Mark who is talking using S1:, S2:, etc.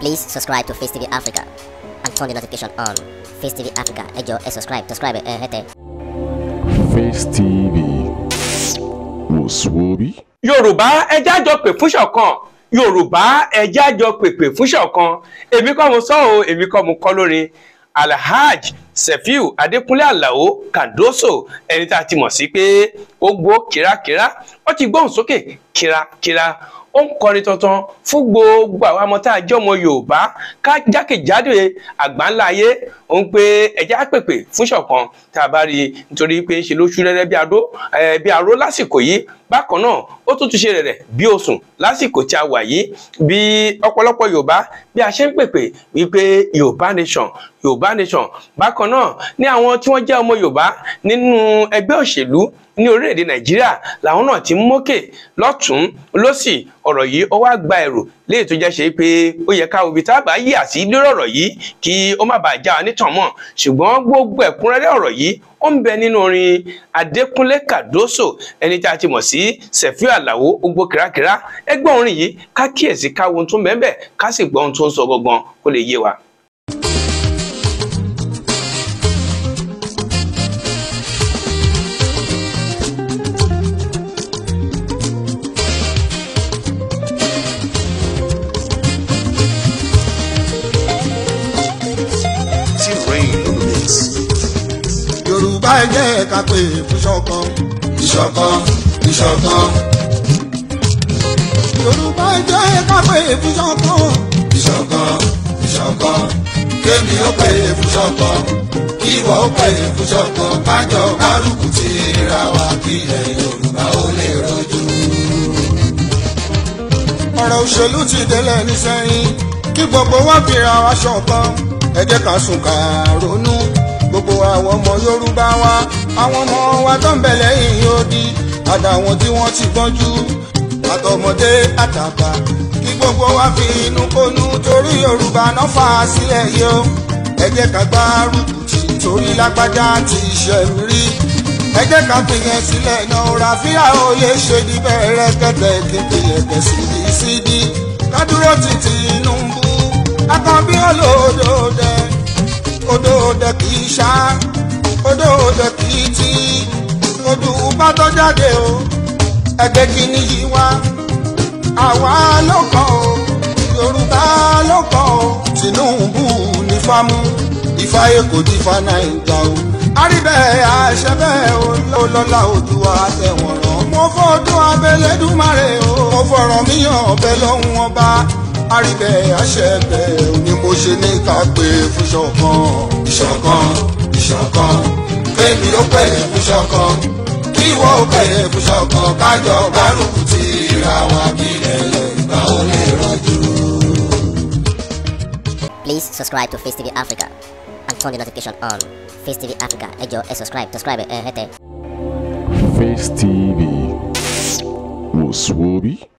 S1: Please subscribe to Face TV Africa and turn the notification on. Face TV Africa, ẹ jọ̀ọ́ subscribe, subscribe eh? hẹ́tẹ̀.
S2: Face TV wò Yoruba, eja Yorùbá ẹja jọ pè fún ṣọ̀kan. Yorùbá ẹja jọ pèpè fún ṣọ̀kan. Èmi kọ́ mo sọ o, èmi kọ́ mo kọ́ lórin. Alhaji Sefiu Adékúnlé Àlàó Cardoso ẹni tá a kira. mọ̀ sí pé ó gbó kírakíra, ó ń kọrin tuntun fún gbogbo àwọn ọmọ tá a jẹ́ ọmọ yorùbá ká jákèjádò àgbáńlá ayé ó ń pe ẹ̀jẹ̀ àpèpè fún ṣọ̀kan tá a bá rí i nítorí pé ń ṣe lóṣù rẹ́rẹ́ bí aró lásìkò yìí bákan náà ó tún tún ṣe rẹ̀rẹ̀ bí ó sùn lásìkò tí a wà yìí bí ọ̀pọ̀lọpọ̀ yorùbá bí a ṣe ń pèpè wípé yorùbá nation yorùbá nation bákan náà ní àwọn tí wọ́n jẹ́ ọmọ yorùbá nínú ẹgbẹ́ òṣèlú ní orílẹ̀-èdè nàìjíríà làwọn náà ti ń mókè lọ́tún lọ́sì ọ̀rọ̀ yìí ó wá gba ẹ̀rù léè tó jẹ́ ṣe pé ó yẹ káwọn ibi tá a bá yí àsí lórí ọ̀rọ̀ yìí kí ó má bàa já onítàn mọ́ ṣùgbọ́n gbogbo ẹ̀kúnrẹ́rẹ́ ọ̀rọ̀ yìí ó ń bẹ nínú orin Adékúnlé Kàdóso ẹni tí a ti mọ̀ sí Sefiu Àlàó ogbó kìrákìrá ẹgbọ́n orin yìí ká kíyèsí ká wo ohun bẹ́ẹ̀ bẹ́ẹ̀ ká sì gbọ́ ohun sọ gangan kó lè yé wa.
S1: yorùbá ẹ jẹ́ ká pè fún ṣọ̀kan. ìṣọ̀kan ìṣọ̀kan. yorùbá ẹ jẹ́ ká pè fún ṣọ̀kan. ìṣọ̀kan ìṣọ̀kan. kémi ó pè fún ṣọ̀kan. kíwọ ó pè fún ṣọ̀kan. kájọ kárùkù ti ra wa kílẹ̀ yorùbá ó lè rojú. ọ̀rọ̀ òṣèlú ti délẹ̀ ní sẹ́yìn kí gbogbo wa fira wa ṣọ̀kan ẹ jẹ́ ká sùn ká gbogbo àwọn ọmọ Yorùbá wa àwọn ọmọ wa tó ń bẹ lẹ́yìn odi àtàwọn tí wọ́n ti gbọ́njú àtọmọdé àtàgbà kí gbogbo wa fi inú kónú torí Yorùbá náà fà á sílẹ̀ yìí o ẹ jẹ́ ká gbárùkù tì torí lágbájá ti ṣẹ̀mí rí ẹ jẹ́ ká fìyẹn sílẹ̀ yan ọ̀rá fíà òye ṣe ní bẹ̀rẹ̀ kẹ̀kẹ́ kéde ẹ̀kẹ́ sídìí sídìí ká dúró títí Tinubu akọ bí olódòdó. Odo òdẹ kì í odo odò òdẹ kì í tí odò bá tó jáde o ẹgbẹ́ kìíní yìí wá àwa ló o Yorùbá ló o Tinubu ní fámú Ifá Èkó ti fa Nàìjà o àríbẹ̀ àṣẹ bẹ́ẹ̀ olólọ́lá Oòduà àtẹ̀wọ̀n rán mo fọ́dún abẹ́lẹ́dùmarè o mo fọ̀rọ̀ míyàn ọbẹ̀ lọ́hùn ọba àríbẹ̀ àṣẹ bẹ́ẹ̀ ni mo ṣe ní ká pè fún ṣọ̀kan. ìṣọ̀kan ìṣọ̀kan kémi ó pè fún ṣọ̀kan kí ìwọ ó pè fún ṣọ̀kan kájọ gbárùkù ti ra wa kílẹ̀ Yorùbá ó lè rọjú. Please subscribe to Face TV Africa and turn the notification on. Face TV Africa ẹ jọ̀ọ́ ẹ subscribe subscribe ẹ hẹ́tẹ̀.
S2: Face TV wò sùn orí.